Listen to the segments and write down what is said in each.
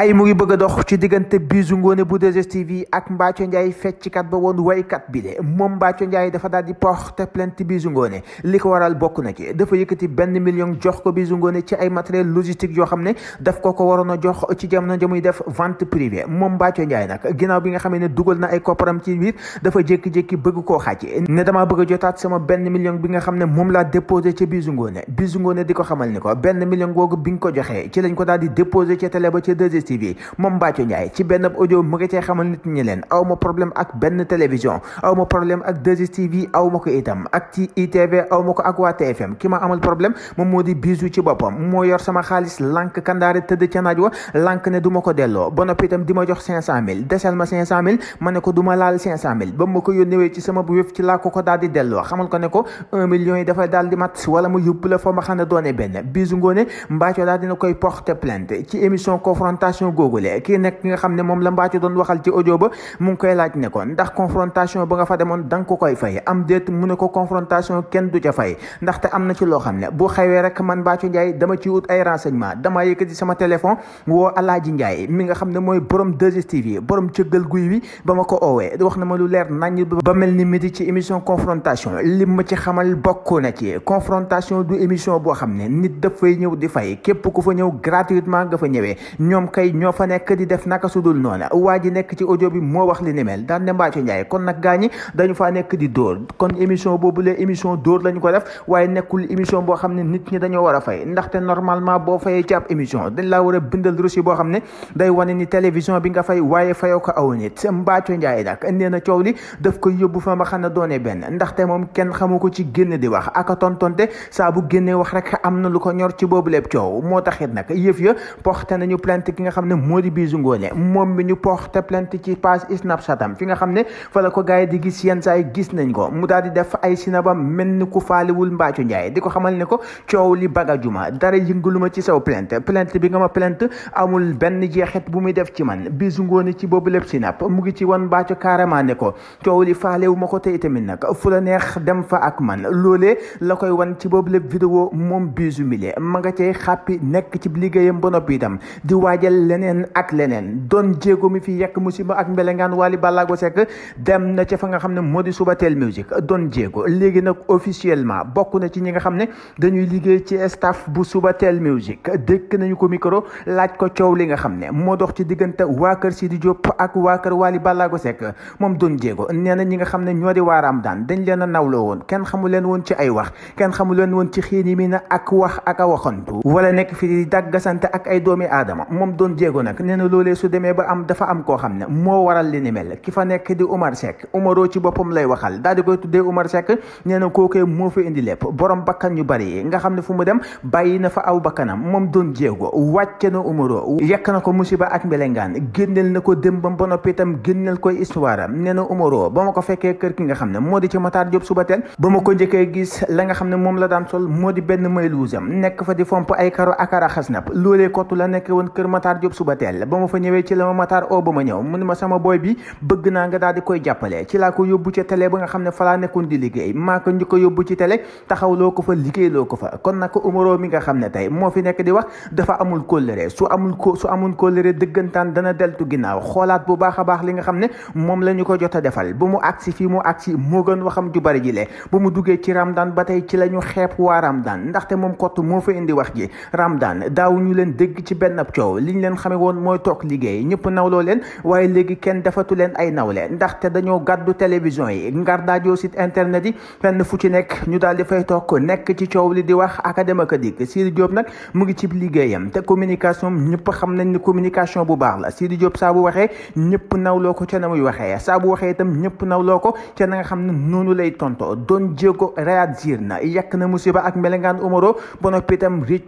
ay mu ngi bëgg dox ci diggante bisu ngoone bu 2STV ak Mbathio Ndiaye fecckat ba woon woykat bi de moom Mbathio Ndiaye dafa daal di porte plainte bisu ngoone li ko waral bokk na ci dafa yëkkati benn million jox ko bisu ngoone ci ay matériel logistique yoo xam ne daf ko ko waroon a jox ci jamono ja muy def vente privée moom Mbathio Ndiaye nag ginnaaw bi nga xamee ne dugal na ay kopparam ci biir dafa jékki-jékki bëgg koo xàcc ne damaa bëgg a jotaat sama benn million bi nga moom laa déposé ci bisu ngoone bisu di ko xamal ni ko benn million bi nga ko joxee ci lañ ko daal di déposé ci télé ba ci 2 TV moom Mbathio Ndiaye ci benn audio mu ngi cee xamal nit ñi leen aw ma problème ak benn télévision aw problème ak 2STV aw ko itam ak ci ITV aw ko ak waa TFM ki ma amal problème moom moo di bisu ci boppam moo yor sama xaalis lank kandaare tëdd ca naaj wa lank ne du ko delloo ba noppi itam di ma jox cinq cent mille desal ma cinq cent mille ma ne ko du laal cinq cent mille ba ma ko yónnewee ci sama wéef ci laa ko ko daal di delloo confrontation googule kii nekk nga xam ne moom la mbaati doon waxal ci audio ba mu ngi koy laaj ne ko ndax confrontation ba nga fa demoon da nga ko koy fay am déet mu ne ko confrontation kenn du ca fay ndaxte am na ci loo xam ne bu xewee rek man Mbathio Ndiaye dama ci wut ay renseignement dama yëkkati sama téléphone woo Alaaji Ndiaye mi nga xam ne mooy borom 2STV borom cëggal guy wi ba ma ko oowee wax na ma lu leer nañ ba mel ni midi ci émission confrontation li ma ci xamal bokk na ci confrontation du émission boo xam ne nit dafay ñëw di fay képp ku fa ñëw gratuitement nga fa ñëwee ñoom kay ñoo fa nekk di def naka sudul noona waa ji nekk ci audio bi moo wax li ni mel daan ne Mbathio Ndiaye kon nag gaa ñi dañu faa nekk di dóor kon émission boobu lee émission dóor lañu ko def waaye nekkul émission boo xam ne nit ñi dañoo war a fay ndaxte normalement boo fayee ci ab émission dañ laa war a bindal reçu boo xam ne day wane ni télévision bi nga fay waaye fayoo ko aw nit Mbathio Ndiaye nag nee na coow li daf koy yóbbu fa ma xam ne doone benn ndaxte moom kenn xamu ko ci génn di wax ak tontonte saa bu génnee wax rek am na lu ko ñor ci boobu lépp coow moo taxit nag yëf nga xam ne moo di Bijou Ngoné moom mi ñu porte plainte ci page Snapchat am fi nga xam ne fa ko gars yi di gis yenn saa gis nañ ko mu daal di def ay sinabam mel ni ku faaliwul mbaacu njaay di ko xamal ne ko coow li bagajuma dara luma ci saw plainte plainte bi nga ma plainte amul benn jeexit bu muy def ci man Bijou Ngoné ci boobu lépp sinap mu ngi ci wan mbaacu carrément ne ko coow li faalewu ma ko tey tamit nag fu la neex dem fa ak man loole la koy wan ci boobu lépp vidéo moom Bijou Ngoné ma nga cay xàppi nekk ci liggéeyam ba noppi itam leneen ak leneen doon jéego mi fi yekk musiba ak mbelengaan Wally Ballago Seck dem na ca fa nga xam ne moo di Subatel Music doon jéego léegi nag officiellement bokk na ci ñi nga xam ne dañuy liggéey ci staff bu suba Subatel Music dëkk nañu ko micro laaj ko coow li nga xam ne moo dox ci diggante waa kër di Diop ak waa kër Wally Ballago Seck moom doon jéego nee na ñi nga xam ne ñoo di waaraam daan dañ leen a nawloo woon kenn xamu leen woon ci ay wax kenn xamu leen woon ci xiin yi mi na ak wax ak waxantu wala nekk fi di ak ay doomi aadama doon jéego nag nee na loolee su demee ba am dafa am koo xam ne moo waral li ni mel ki fa nekk di Umar Seck Umaroo ci boppam lay waxal daal koy tuddee Umar Seck nee na kookee moo fi indi lépp borom bakkan yu bari na fa aw bakkanam moom doon jéego wàcce na Umaroo yekk na ko ko démbam ba noppi itam génneel koy histoire am fekkee kër ki nga xam ne moo di ci Matar ba ko njëkkee gis la nga xam ne moom la daan sol moo di benn mayluusam nekk fa di fomp ay karo ak araxas nap loolee kottu la nekk woon kër Matar Diop suba teel ba ma fa ñëwee ci la ma Matar oo ba ma ñëw mu ne ma sama boy bi bëgg naa nga daal di koy jàppale ci laa ko yóbbu ci télé ba nga xam ne falaa nekkoon di liggéey maa ko njëkk a yóbbu ci télé taxawloo ko fa liggéeyloo ko fa kon nag Omaro mi nga xam ne tey moo fi nekk di wax dafa amul kóllëre su amul ko su amul kóllëre dëggantaan dana deltu ginnaaw xoolaat bu baax a baax li nga xam ne moom la ñu ko jot a defal ba mu agsi fii mu agsi moo gën waxam ju bari ji lee bu mu duggee ci Ramadan ba tey ci la ñu xeeb waa ndaxte moom kott moo fa indi wax ji Ramadan daaw ñu leen dégg ci benn leen xame woon mooy toog liggéey ñëpp nawloo leen waaye léegi kenn defatu leen ay nawle ndaxte dañoo gàddu télévision yi ngar daajoo site internet yi fenn fu ci nekk ñu daal di fay toog nekk ci coow li di wax akadémaka dikk Sidi Diop nag mu ngi ci liggéeyam te communication ñëpp xam nañ ni communication bu baax la Sidi Diop saa bu waxee ñëpp nawloo ko ca na muy waxee saa bu waxee itam ñëpp nawloo ko ca na nga xam ne noonu lay tonto doon jéego réagir na yàq na musiba ak melengaan umaro ba noppi itam riij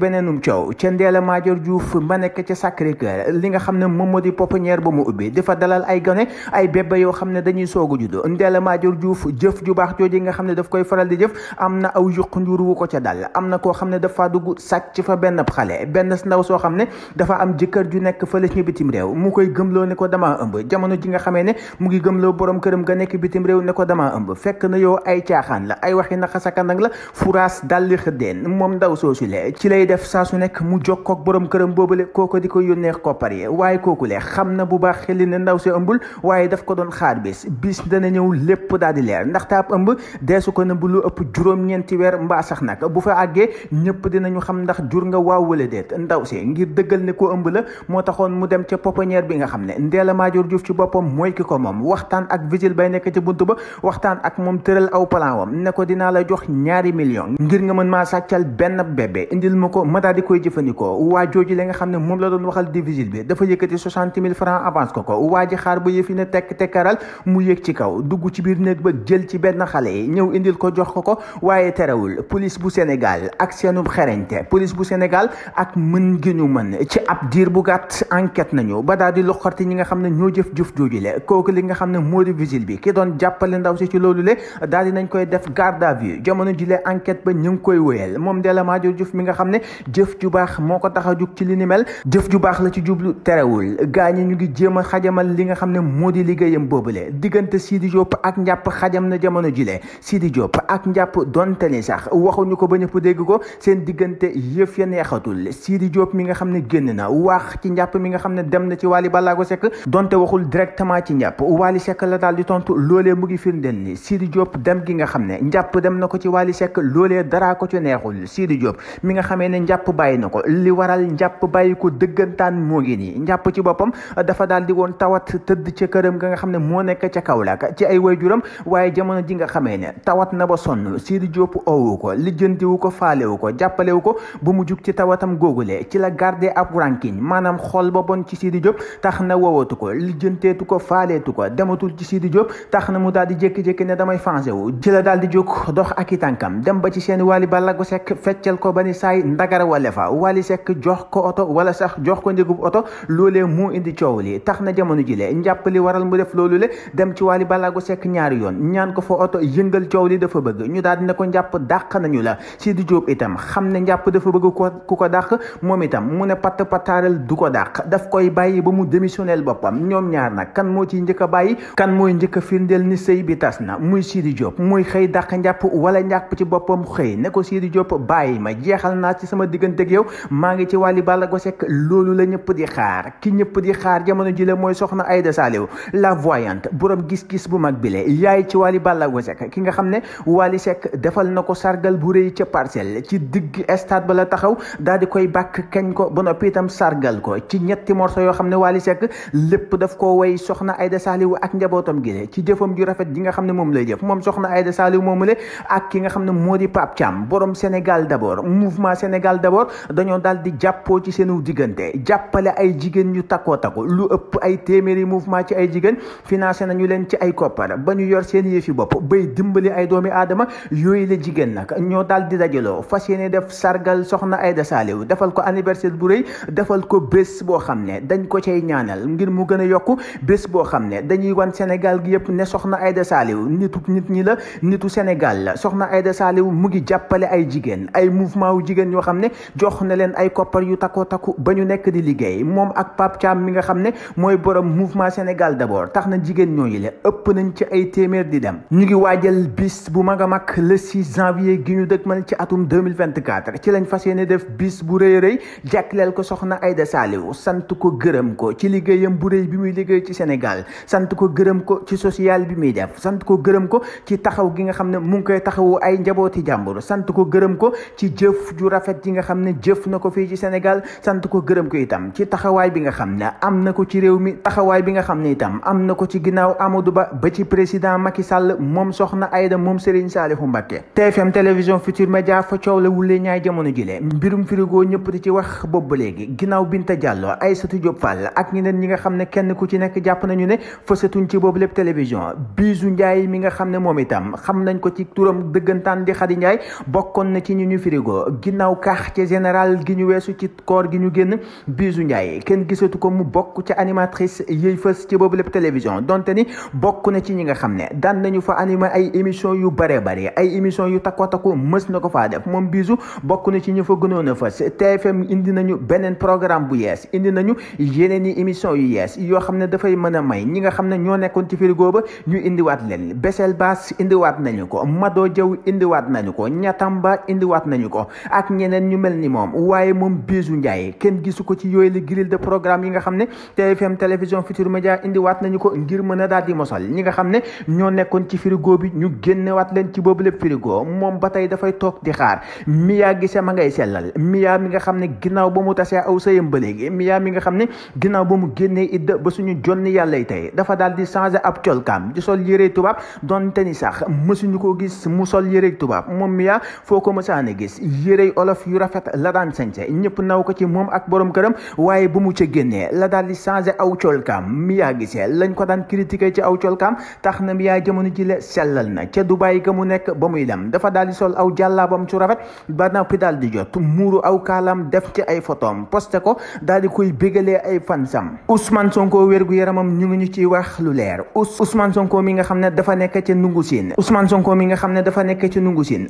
beneenum coow ca Ndella Madior Diouf ma nekk ca sacré li nga xam ne moom moo di pépinière ba mu ubbi dafa dalal ay gone ay bébé yoo xam ne dañuy soog a juddoo Ndella Madior Diouf jëf ju baax jooju nga xam ne daf koy faral di jëf am na aw yuq njur wu ko ca dal am na koo xam ne dafa dugg sàcc fa benn xale benn ndaw soo xam ne dafa am jëkkër ju nekk fële ci bitim réew mu koy gëm loo ne ko dama ëmb jamono ji nga xamee ne mu ngi gëm loo borom këram ga nekk bitim réew ne ko damaa ëmb fekk na yow ay caaxaan la ay waxi naxasakanang la furaas dalli moom ndaw soosu le ci def saa su nekk mu jokkook borom këram boobale kooko di ko yónnee koppar yi waaye kookulee xam na bu baax xeli ne ndaw si ëmbul waaye daf ko doon xaar bis biis dana ñëw lépp daal di leer ndaxte ab ëmb deesu ko na bu lu ëpp juróom-ñeenti weer mbaa sax nag bu fa àggee ñëpp dinañu xam ndax jur nga waaw wala déet ndaw si ngir dëggal ne ko ëmb la moo taxoon mu dem ca pouponnière bi nga xam ne Ndella Madior juuf ci boppam mooy ki ko moom waxtaan ak vigile bay nekk ci buntu ba waxtaan ak moom tëral aw plan ne ko dinaa la jox ñaari million ngir nga mën maa sàccal benn ma ko ma daal di koy jëfandikoo waa jooju la nga xam ne moom la doon waxal di vigile bi dafa yëkkati mille francs avance ko ko waa ji xaar ba yëfi ne tekk tekkaral mu yëg ci kaw dugg ci biir néeg jël ci benn xale yi ñëw indil ko jox ko ko waaye terewul police bu Sénégal ak seenub xereñte police bu Sénégal ak mën gi ñu mën ci ab diir bu gàtt enquête nañu ba daal di loxarti ñi nga xam ne ñoo jëf jëf jooju le kooku li nga xam ne moo di bi ki doon jàppale ndaw si ci loolu le daal di nañ koy def garde à vue ji le enquête ne jëf ju baax moo ko tax a jug ci li ni mel jëf ju baax la ci jublu terewul ñi ñu ngi jéem a xajamal li nga xam ne moo di liggéeyam boobule diggante siidi Diop ak njàpp xajam na jamono jile Sidi Diop ak njàpp donte ni sax waxuñu ko ba ñëpp dégg ko seen diggante yëf ya neexatul Sidi Diop mi nga xam ne génn na wax ci njàpp mi nga xam ne dem na ci balaa ko Seck donte waxul directement ci njàpp Wally sekk la daal di tontu loole mu ngi firndeel ni Sidi Diop dem gi nga xam ne njàpp dem na ko ci Wally sekk loolee dara ko ci neexul Sidi Diop xamee ne njàpp bàyyi na ko li waral njàpp bàyyi ko dëggantaan moo ngi nii njàpp ci boppam dafa daal di woon tawat tëdd ca këram nga nga xam ne moo nekk ca Kaolack ci ay waajuram waaye jamono ji nga xamee ne tawat na ba sonn Sidi Diop owu ko lijjantiwu ko faalewu ko jàppalewu ko bu mu jug ci tawatam googule ci la garde ab ranking maanaam xool ba bon ci Sidi Diop tax na wowatu ko lijjanteetu ko faaleetu ko dematul ci Sidi Diop tax na mu daal di jékki-jékki ne damay fangé wu ci la daal di dox ak i tànkam dem ba ci seen wàlli balago sekk feccal ko ba ni saay Dakar Walefa Wally Seck jox ko oto wala sax jox ko njëgub oto loolee moo indi coow lii tax na jamono jile njàppali waral mu def loolu le dem ci balaa ko Seck ñaari yoon ñaan ko fa oto yëngal coow li dafa bëgg ñu daal dina ko njàpp dàq nañu la Sidi Diop itam xam ne njàpp dafa bëgg ku ko dàq moom itam mu ne patt pataaral du ko dàq daf koy bàyyi ba mu démissionnel boppam ñoom ñaar nag kan moo ciy njëkk a bàyyi kan mooy njëkk a firndeel ni sëy bi tas na muy Sidi Diop muy xëy dàq njàpp wala njàpp ci boppam xëy ne sama diggante ak yow maa ngi ci Wally Ballago Seck loolu la ñëpp di xaar ki ñëpp di xaar jamono ji la mooy soxna Aïda Saliou la voyante boroom gis-gis bu mag bi bile yaay ci Wally Ballago Seck ki nga xam ne Wally Seck defal na ko sargal bu rëy ca parcelle ci digg stade ba la taxaw daal di koy bàkk kañ ko ba noppi itam sargal ko ci ñetti morceau yoo xam ne Wally Seck lépp daf ko way soxna Aïda Saliou ak njabootam gi ci jëfam ju rafet ji nga xam ne moom lay jëf moom soxna Aïda Saliou moomule ak ki nga xam ne moo di Pape Thiam borom Sénégal d'abord Sénégal d'abord dañoo daal di jàppoo ci seenu diggante jàppale ay jigéen ñu takkoo takku lu ëpp ay téeméeri mouvement ci ay jigéen financé nañu leen ci ay koppar ba ñu yor seen yëfi bopp bay dimbali ay doomi aadama yooyu la jigéen nag ñoo daal di dajaloo fas yéene def sargal soxna Aïda Saliou defal ko anniversaire bu rëy defal ko bés boo xam ne dañ ko cay ñaanal ngir mu gën a yokk bés boo xam ne dañuy wan Sénégal gi ne soxna ay Saliou nitu nit ñi la nitu Sénégal xam ne jox na leen ay koppar yu takko takku ba ñu nekk di liggéey moom ak Pape Thiam mi nga xam ne mooy borom mouvement Sénégal d'abord tax na jigéen ñooñu leen ëpp nañ ci ay téeméer di dem ñu ngi waajal bis bu mag a mag le 6 janvier gi ñu dëgmal ci atum 2024 ci lañ fas yéene def bis bu rëy rëy jàkkleel ko soxna Aïda Saliou sant ko gërëm ko ci liggéeyam bu rëy bi muy liggéey ci Sénégal sant ko gërëm ko ci sociale bi muy def sant ko gërëm ko ci taxaw gi nga xam ne mu ngi koy taxawu ay njabooti jàmbur sant ko gërëm ko rafet ji nga xam ne jëf na ko fii ci Sénégal sant ko gërëm ko itam ci taxawaay bi nga xam ne am na ko ci réew mi taxawaay bi nga xam ne itam am na ko ci ginnaaw amadu Ba ba ci président Macky Sall moom soxna Aïda moom Serigne Salihou Mbacké TFM télévision Futur Média fa coow la wulee ñaay jamono ji lee mbirum frigo ñëpp di ci wax boobu ba léegi ginnaaw Binta Diallo Aïssatou Diop Fall ak ñeneen ñi nga xam ne kenn ku ci nekk jàpp nañu ne fësatuñ ci boobu lépp télévision Bijou Ndiaye mi nga xam ne moom itam xam nañ ko ci turam dëggantaan di Khady Ndiaye bokkoon na quartier général gi ñu weesu ci koor gi ñu génn Bijou Ndiaye kenn gisatu ko mu bokk ca animatrice yiy fës ci boobu lépp télévision donte ni bokk na ci ñi nga xam ne daan nañu fa animé ay émission yu bare bare ay émission yu takko takko mës na ko faa def moom Bijou bokk na ci ñu fa gënoon a fës TFM indi nañu beneen programme bu yees indi nañu yeneen i émission yu yees yoo xam ne dafay mën a may ñi nga xam ne ñoo nekkoon ci frigo ba ñu indiwaat leen Besel Baas indiwaat nañu ko Mado Jaw indiwaat nañu ko Ñatamba indiwaat nañu ko ñeneen ñu mel ni moom waaye moom Bijou Ndiaye kenn gisu ko ci yooyu la grille de programme yi nga xam ne TFM télévision Futur Média indiwaat nañu ko ngir mën a daal di mosal ñi nga xam ne ñoo nekkoon ci frigo bi ñu génnewaat leen ci boobu lépp moom ba tey dafay toog di xaar Mia Guissé ma ngay sellal Mia mi nga xam ne ginnaaw ba mu tasee aw sëyam ba léegi Mia mi nga xam ne ginnaaw ba mu génnee idda ba suñu jonni yàllay tey dafa daal di changé ab colkaam di sol yëre tubaab doonte ni sax mësuñu ko gis mu sol yëre tubaab moom Mia foo ko mësaane gis yërey fas yu rafet la daan sañse ñëpp naw ko ci moom ak borom këram waaye bu mu ca génnee la daal di changé aw colkaam Mia Guissé lañ ko daan critiqué ci aw colkaam tax na Mia jamono ji le sellal na ca Dubaay ga mu nekk ba muy dem dafa daal di sol aw jàllaabam su rafet ba noppi daal di jot muuru aw kaalam def ci ay photom posté ko daal di koy bégalee ay fansam Ousmane Sonko wér-gu-yaramam ñu ngi ñu ci wax lu leer Ousmane Sonko mi ne dafa nekk ci nungu siin Ousmane Sonko mi nga xam ne dafa nekk ci nungu siin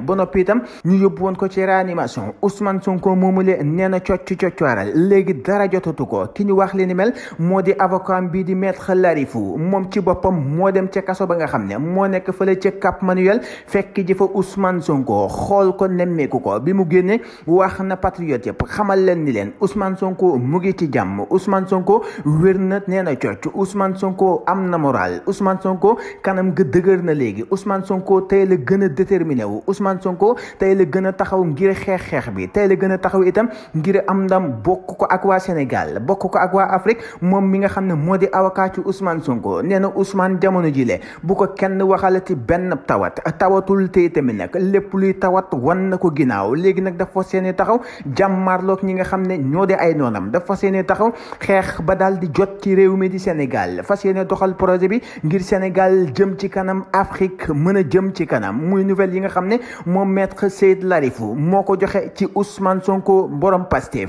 ba noppi itam ñu yóbbu woon ko ci réanimation Ousmane Sonko moomule nee na cocc coccooral léegi dara jotatu ko ki ñu wax li mel moo di avocat bii di maître Larifou moom ci boppam moo dem ca kaso ba nga xam ne moo nekk fële ca Cap Manuel fekk ji fa Ousmane Sonko xool ko nemmeeku ko bi mu génnee wax na patriote yëpp xamal leen ni leen Ousmane Sonko mu ngi ci jàmm Ousmane Sonko wér na nee na cocc Ousmane Sonko am na moral Ousmane Sonko kanam ga dëgër na léegi Ousmane Sonko tey la gën a déterminé wu Ousmane Sonko tey la gën a taxaw ngir xeex xeex bi tey la gën a taxaw itam ngir am ndam bokk ko ak waa Sénégal bokk ko ak waa Afrique moom mi nga xam ne moo di avocat ci Sonko nee na Ousmane jamono jile bu ko kenn waxalati benn tawat tawatul tey tamit nag lépp luy tawat wan na ko ginnaaw léegi nag dafa seeni taxaw jàmmarloog ñi nga xam ne ñoo di ay noonam dafa seeni taxaw xeex ba daal di jot ci réew mi di Sénégal fas yéene doxal projet bi ngir Sénégal jëm ci kanam Afrique mën a jëm ci kanam muy nouvelle yi nga xam ne moom maître Seydi Larifou moo ko joxe ci Ousmane Sonko borom Pastef